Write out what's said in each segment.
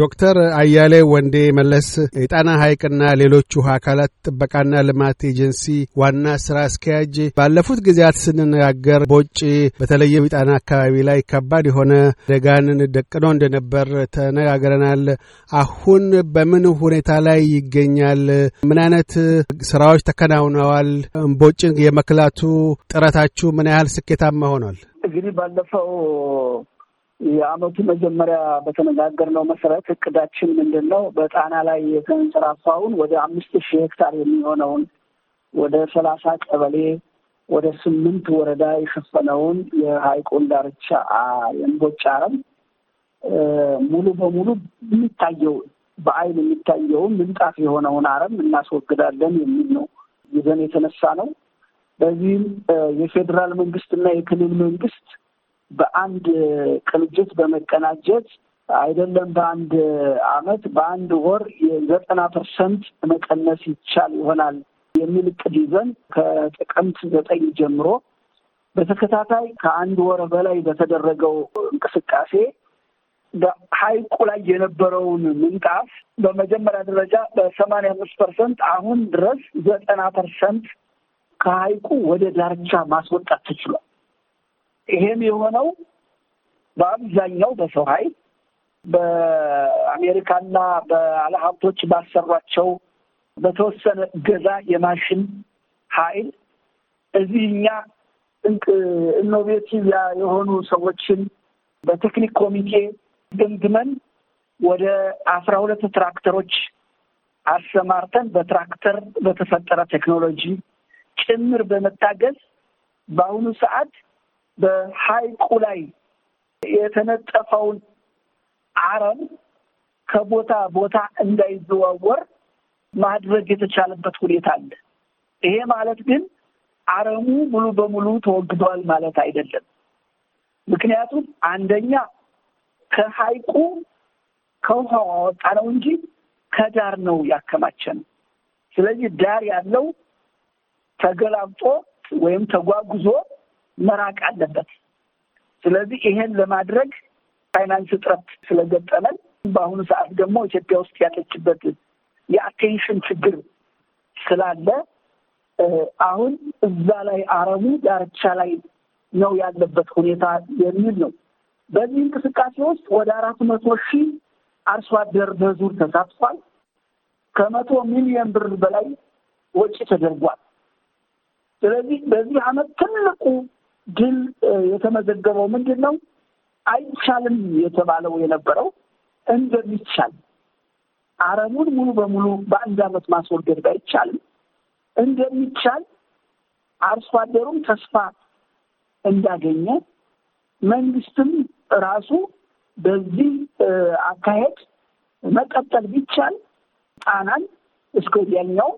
ዶክተር አያሌ ወንዴ መለስ የጣና ሐይቅና ሌሎች ውሃ አካላት ጥበቃና ልማት ኤጀንሲ ዋና ስራ አስኪያጅ፣ ባለፉት ጊዜያት ስንነጋገር በውጭ በተለይም የጣና አካባቢ ላይ ከባድ የሆነ አደጋን ደቅኖ እንደነበር ተነጋግረናል። አሁን በምን ሁኔታ ላይ ይገኛል? ምን አይነት ስራዎች ተከናውነዋል? እምቦጭን የመክላቱ ጥረታችሁ ምን ያህል ስኬታማ ሆኗል? እንግዲህ ባለፈው የአመቱ መጀመሪያ በተነጋገርነው መሰረት እቅዳችን ምንድን ነው? በጣና ላይ የተንሰራፋውን ወደ አምስት ሺህ ሄክታር የሚሆነውን ወደ ሰላሳ ቀበሌ ወደ ስምንት ወረዳ የሸፈነውን የሀይቁን ዳርቻ የእምቦጭ አረም ሙሉ በሙሉ የሚታየው በአይን የሚታየውን ምንጣፍ የሆነውን አረም እናስወግዳለን የሚል ነው ይዘን የተነሳ ነው። በዚህም የፌዴራል መንግስትና የክልል መንግስት በአንድ ቅንጅት በመቀናጀት አይደለም በአንድ አመት በአንድ ወር የዘጠና ፐርሰንት መቀነስ ይቻል ይሆናል የሚል እቅድ ይዘን ከጥቅምት ዘጠኝ ጀምሮ በተከታታይ ከአንድ ወር በላይ በተደረገው እንቅስቃሴ በሀይቁ ላይ የነበረውን ምንጣፍ በመጀመሪያ ደረጃ በሰማንያ አምስት ፐርሰንት አሁን ድረስ ዘጠና ፐርሰንት ከሀይቁ ወደ ዳርቻ ማስወጣት ተችሏል። ይሄም የሆነው በአብዛኛው በሰው ኃይል በአሜሪካና በአለሀብቶች ባሰሯቸው በተወሰነ ገዛ የማሽን ኃይል እዚህ እኛ ኢኖቬቲቭ የሆኑ ሰዎችን በቴክኒክ ኮሚቴ ገምግመን ወደ አስራ ሁለት ትራክተሮች አሰማርተን በትራክተር በተፈጠረ ቴክኖሎጂ ጭምር በመታገዝ በአሁኑ ሰዓት በሐይቁ ላይ የተነጠፈውን አረም ከቦታ ቦታ እንዳይዘዋወር ማድረግ የተቻለበት ሁኔታ አለ። ይሄ ማለት ግን አረሙ ሙሉ በሙሉ ተወግዷል ማለት አይደለም። ምክንያቱም አንደኛ ከሐይቁ ከውሃ ወጣ ነው እንጂ ከዳር ነው ያከማቸ ነው። ስለዚህ ዳር ያለው ተገላብጦ ወይም ተጓጉዞ መራቅ አለበት። ስለዚህ ይሄን ለማድረግ ፋይናንስ እጥረት ስለገጠመን በአሁኑ ሰዓት ደግሞ ኢትዮጵያ ውስጥ ያለችበት የአቴንሽን ችግር ስላለ አሁን እዛ ላይ አረቡ ዳርቻ ላይ ነው ያለበት ሁኔታ የሚል ነው። በዚህ እንቅስቃሴ ውስጥ ወደ አራት መቶ ሺህ አርሶ አደር በዙር ተሳትፏል። ከመቶ ሚሊዮን ብር በላይ ወጪ ተደርጓል። ስለዚህ በዚህ አመት ትልቁ ድል የተመዘገበው ምንድን ነው? አይቻልም የተባለው የነበረው እንደሚቻል አረሙን ሙሉ በሙሉ በአንድ ዓመት ማስወገድ ባይቻልም እንደሚቻል አርሶ አደሩም ተስፋ እንዳገኘ መንግስትም ራሱ በዚህ አካሄድ መቀጠል ቢቻል ጣናን እስከ ወዲያኛው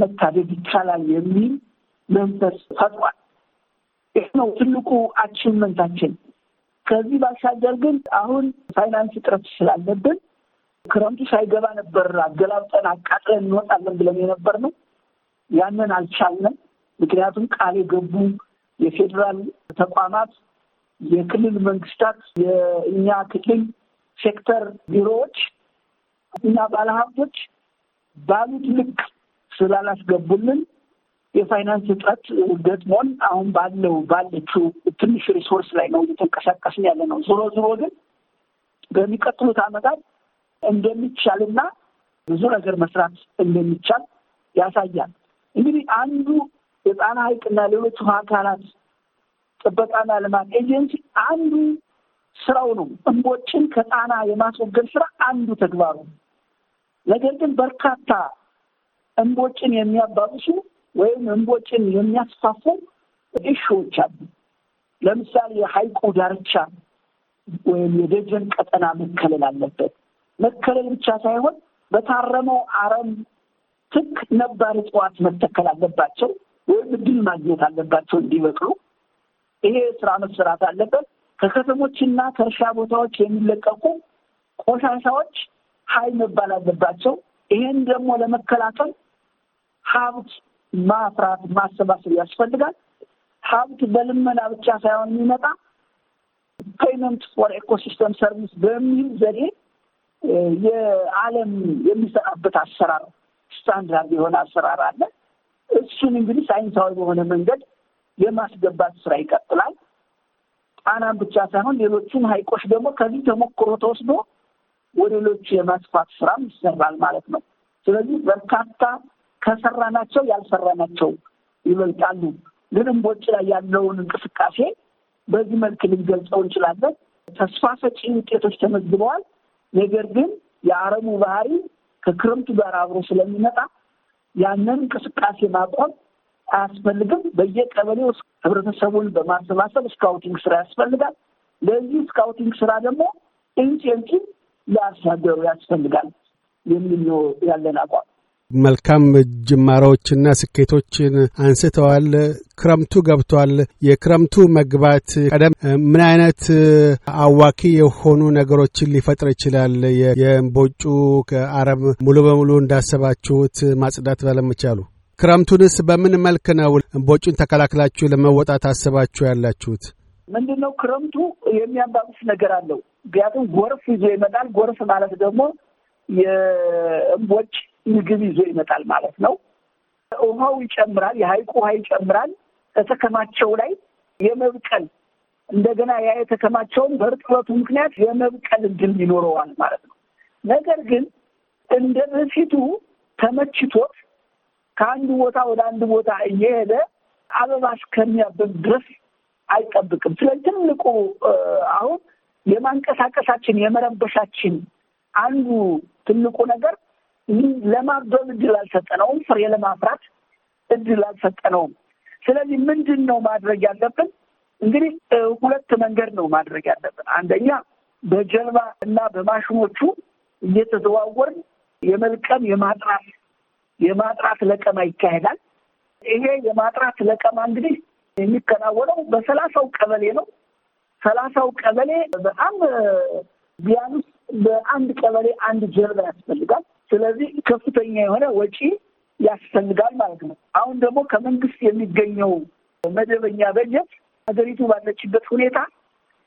መታደግ ይቻላል የሚል መንፈስ ፈጥሯል። ይህ ነው ትልቁ አቺቭመንታችን። ከዚህ ባሻገር ግን አሁን ፋይናንስ እጥረት ስላለብን ክረምቱ ሳይገባ ነበር አገላብጠን አቃጥለን እንወጣለን ብለን የነበር ነው። ያንን አልቻልንም። ምክንያቱም ቃል የገቡ የፌዴራል ተቋማት፣ የክልል መንግስታት፣ የእኛ ክልል ሴክተር ቢሮዎች እና ባለሀብቶች ባሉት ልክ ስላላስገቡልን የፋይናንስ እጥረት ገጥሞን አሁን ባለው ባለችው ትንሽ ሪሶርስ ላይ ነው እየተንቀሳቀስን ያለ ነው። ዞሮ ዞሮ ግን በሚቀጥሉት ዓመታት እንደሚቻልና ብዙ ነገር መስራት እንደሚቻል ያሳያል። እንግዲህ አንዱ የጣና ሐይቅና ሌሎቹ አካላት ጥበቃና ልማት ኤጀንሲ አንዱ ስራው ነው። እምቦጭን ከጣና የማስወገድ ስራ አንዱ ተግባሩ። ነገር ግን በርካታ እምቦጭን የሚያባብሱ ወይም እንቦጭን የሚያስፋፉ እሾዎች አሉ። ለምሳሌ የሀይቁ ዳርቻ ወይም የደጀን ቀጠና መከለል አለበት። መከለል ብቻ ሳይሆን በታረመው አረም ትክ ነባር እጽዋት መተከል አለባቸው ወይም እድል ማግኘት አለባቸው እንዲበቅሉ። ይሄ ስራ መሰራት አለበት። ከከተሞችና ከእርሻ ቦታዎች የሚለቀቁ ቆሻሻዎች ሀይ መባል አለባቸው። ይሄን ደግሞ ለመከላከል ሀብት ማፍራት ማሰባሰብ ያስፈልጋል። ሀብት በልመና ብቻ ሳይሆን የሚመጣ ፔይመንት ፎር ኤኮሲስተም ሰርቪስ በሚል ዘዴ የዓለም የሚሰራበት አሰራር ስታንዳርድ የሆነ አሰራር አለ። እሱን እንግዲህ ሳይንሳዊ በሆነ መንገድ የማስገባት ስራ ይቀጥላል። ጣናን ብቻ ሳይሆን ሌሎቹን ሀይቆች ደግሞ ከዚህ ተሞክሮ ተወስዶ ወደ ሌሎቹ የማስፋት ስራም ይሰራል ማለት ነው። ስለዚህ በርካታ ከሰራናቸው ያልሰራናቸው ይበልጣሉ። ግንም በውጭ ላይ ያለውን እንቅስቃሴ በዚህ መልክ ልንገልጸው እንችላለን። ተስፋ ሰጪ ውጤቶች ተመዝግበዋል። ነገር ግን የአረሙ ባህሪ ከክረምቱ ጋር አብሮ ስለሚመጣ ያንን እንቅስቃሴ ማቆም አያስፈልግም። በየቀበሌው ህብረተሰቡን በማሰባሰብ ስካውቲንግ ስራ ያስፈልጋል። ለዚህ ስካውቲንግ ስራ ደግሞ ኢንሴንቲቭ ለአርሶ አደሩ ያስፈልጋል የሚል ነው ያለን አቋም። መልካም ጅማሮዎችና ስኬቶችን አንስተዋል። ክረምቱ ገብቷል። የክረምቱ መግባት ቀደም ምን አይነት አዋኪ የሆኑ ነገሮችን ሊፈጥር ይችላል? የእምቦጩ አረም ሙሉ በሙሉ እንዳሰባችሁት ማጽዳት ባለመቻሉ ክረምቱንስ በምን መልክ ነው እምቦጩን ተከላክላችሁ ለመወጣት አስባችሁ ያላችሁት? ምንድን ነው ክረምቱ የሚያባብስ ነገር አለው። ምክንያቱም ጎርፍ ይዞ ይመጣል። ጎርፍ ማለት ደግሞ የእምቦጭ ምግብ ይዞ ይመጣል ማለት ነው። ውሃው ይጨምራል፣ የሀይቁ ውሃ ይጨምራል። ከተከማቸው ላይ የመብቀል እንደገና ያ የተከማቸውን በእርጥበቱ ምክንያት የመብቀል እድል ይኖረዋል ማለት ነው። ነገር ግን እንደ በፊቱ ተመችቶት ከአንድ ቦታ ወደ አንድ ቦታ እየሄደ አበባ እስከሚያብብ ድረስ አይጠብቅም። ስለዚህ ትልቁ አሁን የማንቀሳቀሳችን የመረበሻችን አንዱ ትልቁ ነገር ለማብደም እድል አልሰጠነውም። ፍሬ ለማፍራት እድል አልሰጠነውም። ስለዚህ ምንድን ነው ማድረግ ያለብን? እንግዲህ ሁለት መንገድ ነው ማድረግ ያለብን። አንደኛ በጀልባ እና በማሽኖቹ እየተዘዋወርን የመልቀም የማጥራት የማጥራት ለቀማ ይካሄዳል። ይሄ የማጥራት ለቀማ እንግዲህ የሚከናወነው በሰላሳው ቀበሌ ነው። ሰላሳው ቀበሌ በጣም ቢያንስ በአንድ ቀበሌ አንድ ጀልባ ያስፈልጋል። ስለዚህ ከፍተኛ የሆነ ወጪ ያስፈልጋል ማለት ነው። አሁን ደግሞ ከመንግስት የሚገኘው መደበኛ በጀት ሀገሪቱ ባለችበት ሁኔታ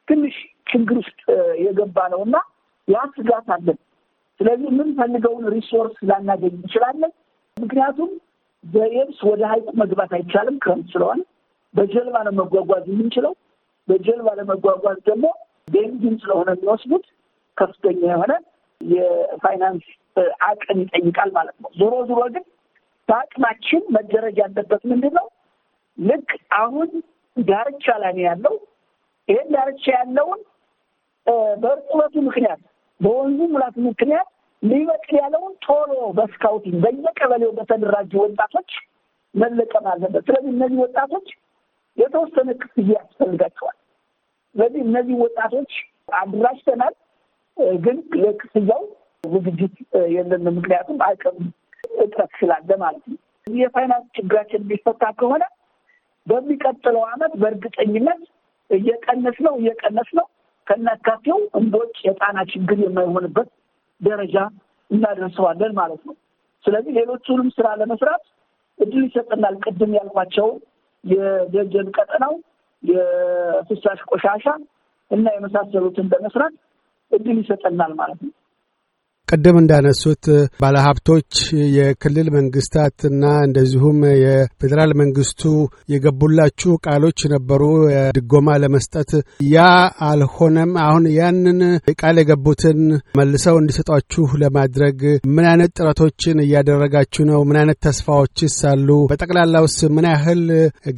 ትንሽ ችግር ውስጥ የገባ ነው እና ያ ስጋት አለን። ስለዚህ የምንፈልገውን ሪሶርስ ላናገኝ እንችላለን። ምክንያቱም በየብስ ወደ ሀይቁ መግባት አይቻልም ክረምት ስለሆነ በጀልባ ነው መጓጓዝ የምንችለው። በጀልባ ለመጓጓዝ ደግሞ ቤንዚን ስለሆነ የሚወስዱት ከፍተኛ የሆነ የፋይናንስ አቅም ይጠይቃል ማለት ነው። ዞሮ ዞሮ ግን በአቅማችን መደረግ ያለበት ምንድን ነው? ልክ አሁን ዳርቻ ላይ ነው ያለው። ይህን ዳርቻ ያለውን በእርጥበቱ ምክንያት በወንዙ ሙላት ምክንያት ሊበቅል ያለውን ቶሎ በስካውቲንግ በየቀበሌው በተደራጁ ወጣቶች መለቀም አለበት። ስለዚህ እነዚህ ወጣቶች የተወሰነ ክፍያ ያስፈልጋቸዋል። ስለዚህ እነዚህ ወጣቶች አድራጅተናል፣ ግን ለክፍያው ዝግጅት የለን። ምክንያቱም አቅም እጥረት ስላለ ማለት ነው። የፋይናንስ ችግራችን የሚፈታ ከሆነ በሚቀጥለው አመት በእርግጠኝነት እየቀነስ ነው እየቀነስ ነው ከናካቴው እንቦጭ የጣና ችግር የማይሆንበት ደረጃ እናደርሰዋለን ማለት ነው። ስለዚህ ሌሎቹንም ስራ ለመስራት እድል ይሰጠናል። ቅድም ያልኳቸው የደጀን ቀጠናው የፍሳሽ ቆሻሻ እና የመሳሰሉትን በመስራት እድል ይሰጠናል ማለት ነው። ቅድም እንዳነሱት ባለሀብቶች የክልል መንግስታትና እንደዚሁም የፌዴራል መንግስቱ የገቡላችሁ ቃሎች ነበሩ ድጎማ ለመስጠት ያ አልሆነም። አሁን ያንን ቃል የገቡትን መልሰው እንዲሰጧችሁ ለማድረግ ምን አይነት ጥረቶችን እያደረጋችሁ ነው? ምን አይነት ተስፋዎችስ አሉ? በጠቅላላውስ ምን ያህል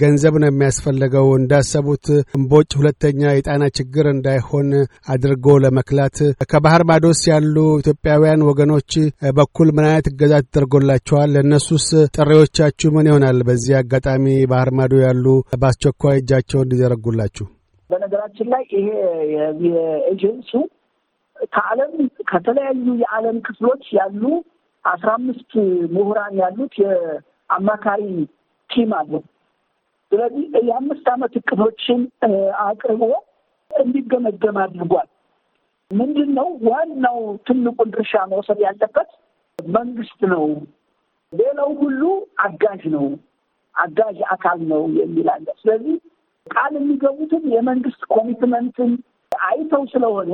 ገንዘብ ነው የሚያስፈልገው? እንዳሰቡት እምቦጭ ሁለተኛ የጣና ችግር እንዳይሆን አድርጎ ለመክላት ከባህር ማዶስ ያሉ ኢትዮጵያ ኢትዮጵያውያን ወገኖች በኩል ምን አይነት እገዛ ተደርጎላቸዋል? ለእነሱስ ጥሪዎቻችሁ ምን ይሆናል? በዚህ አጋጣሚ ባህር ማዶ ያሉ በአስቸኳይ እጃቸውን እንዲዘረጉላችሁ። በነገራችን ላይ ይሄ ኤጀንሱ ከዓለም ከተለያዩ የዓለም ክፍሎች ያሉ አስራ አምስት ምሁራን ያሉት የአማካሪ ቲም አለው። ስለዚህ የአምስት ዓመት እቅዶችን አቅርቦ እንዲገመገም አድርጓል። ምንድን ነው ዋናው ትልቁን ድርሻ መውሰድ ያለበት መንግስት ነው። ሌላው ሁሉ አጋዥ ነው፣ አጋዥ አካል ነው የሚል አለ። ስለዚህ ቃል የሚገቡትን የመንግስት ኮሚትመንትን አይተው ስለሆነ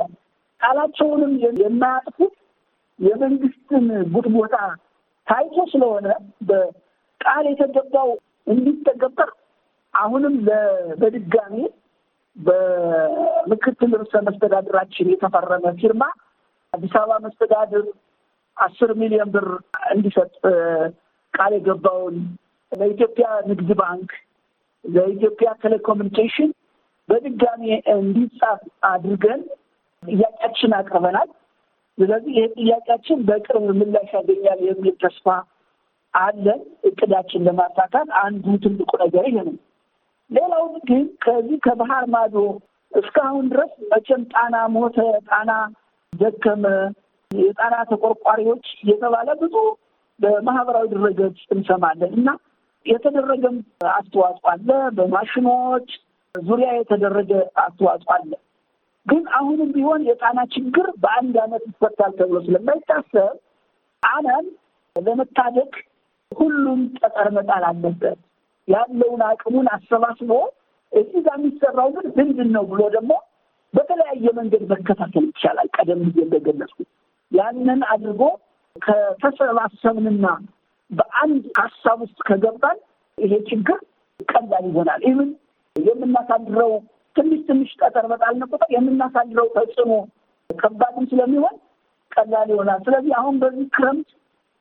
ቃላቸውንም የማያጥፉት የመንግስትን ቦታ ታይቶ ስለሆነ በቃል የተገባው እንዲተገበር አሁንም በድጋሚ በምክትል ርዕሰ መስተዳድራችን የተፈረመ ፊርማ አዲስ አበባ መስተዳድር አስር ሚሊዮን ብር እንዲሰጥ ቃል የገባውን ለኢትዮጵያ ንግድ ባንክ፣ ለኢትዮጵያ ቴሌኮሙኒኬሽን በድጋሚ እንዲጻፍ አድርገን ጥያቄያችን አቅርበናል። ስለዚህ ይህ ጥያቄያችን በቅርብ ምላሽ ያገኛል የሚል ተስፋ አለን። እቅዳችን ለማሳካት አንዱ ትልቁ ነገር ይሄ ነው። ሌላውም ግን ከዚህ ከባህር ማዶ እስካሁን ድረስ መቼም ጣና ሞተ፣ ጣና ደከመ፣ የጣና ተቆርቋሪዎች የተባለ ብዙ በማህበራዊ ድረገጽ እንሰማለን እና የተደረገም አስተዋጽኦ አለ። በማሽኖች ዙሪያ የተደረገ አስተዋጽኦ አለ። ግን አሁንም ቢሆን የጣና ችግር በአንድ ዓመት ይፈታል ተብሎ ስለማይታሰብ ጣናን ለመታደግ ሁሉም ጠጠር መጣል አለበት። ያለውን አቅሙን አሰባስቦ እዚህ ጋር የሚሰራው ግን ምንድን ነው ብሎ ደግሞ በተለያየ መንገድ መከታተል ይቻላል። ቀደም ጊዜ ያንን አድርጎ ከተሰባሰብንና በአንድ ሀሳብ ውስጥ ከገባን ይሄ ችግር ቀላል ይሆናል። ይህም የምናሳድረው ትንሽ ትንሽ ጠጠር በጣልን ቁጥር የምናሳድረው ተጽዕኖ ከባድም ስለሚሆን ቀላል ይሆናል። ስለዚህ አሁን በዚህ ክረምት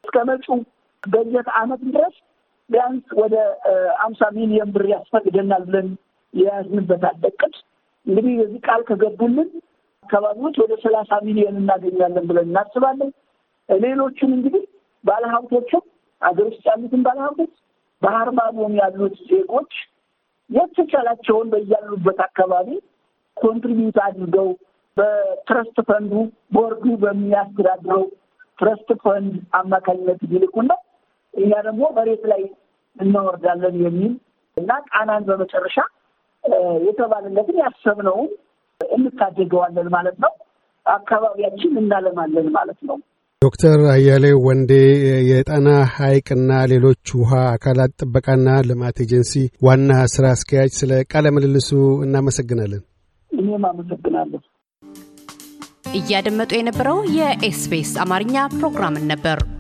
እስከ መጪው በጀት ዓመት ድረስ ቢያንስ ወደ አምሳ ሚሊዮን ብር ያስፈልገናል ብለን የያዝንበታል እቅድ እንግዲህ በዚህ ቃል ከገቡልን አካባቢዎች ወደ ሰላሳ ሚሊዮን እናገኛለን ብለን እናስባለን። ሌሎችን እንግዲህ ባለሀብቶችም ሀገር ውስጥ ያሉትን ባለሀብቶች ባህር ማዶም ያሉት ዜጎች የተቻላቸውን በያሉበት አካባቢ ኮንትሪቢዩት አድርገው በትረስት ፈንዱ ቦርዱ በሚያስተዳድረው ትረስት ፈንድ አማካኝነት ይልኩና እኛ ደግሞ መሬት ላይ እናወርዳለን የሚል እና ጣናን በመጨረሻ የተባለለትን ያሰብነውን እንታደገዋለን ማለት ነው። አካባቢያችን እናለማለን ማለት ነው። ዶክተር አያሌ ወንዴ የጣና ሐይቅና ሌሎች ውሃ አካላት ጥበቃና ልማት ኤጀንሲ ዋና ስራ አስኪያጅ፣ ስለ ቃለ ምልልሱ እናመሰግናለን። እኔም አመሰግናለሁ። እያደመጡ የነበረው የኤስቢኤስ አማርኛ ፕሮግራምን ነበር።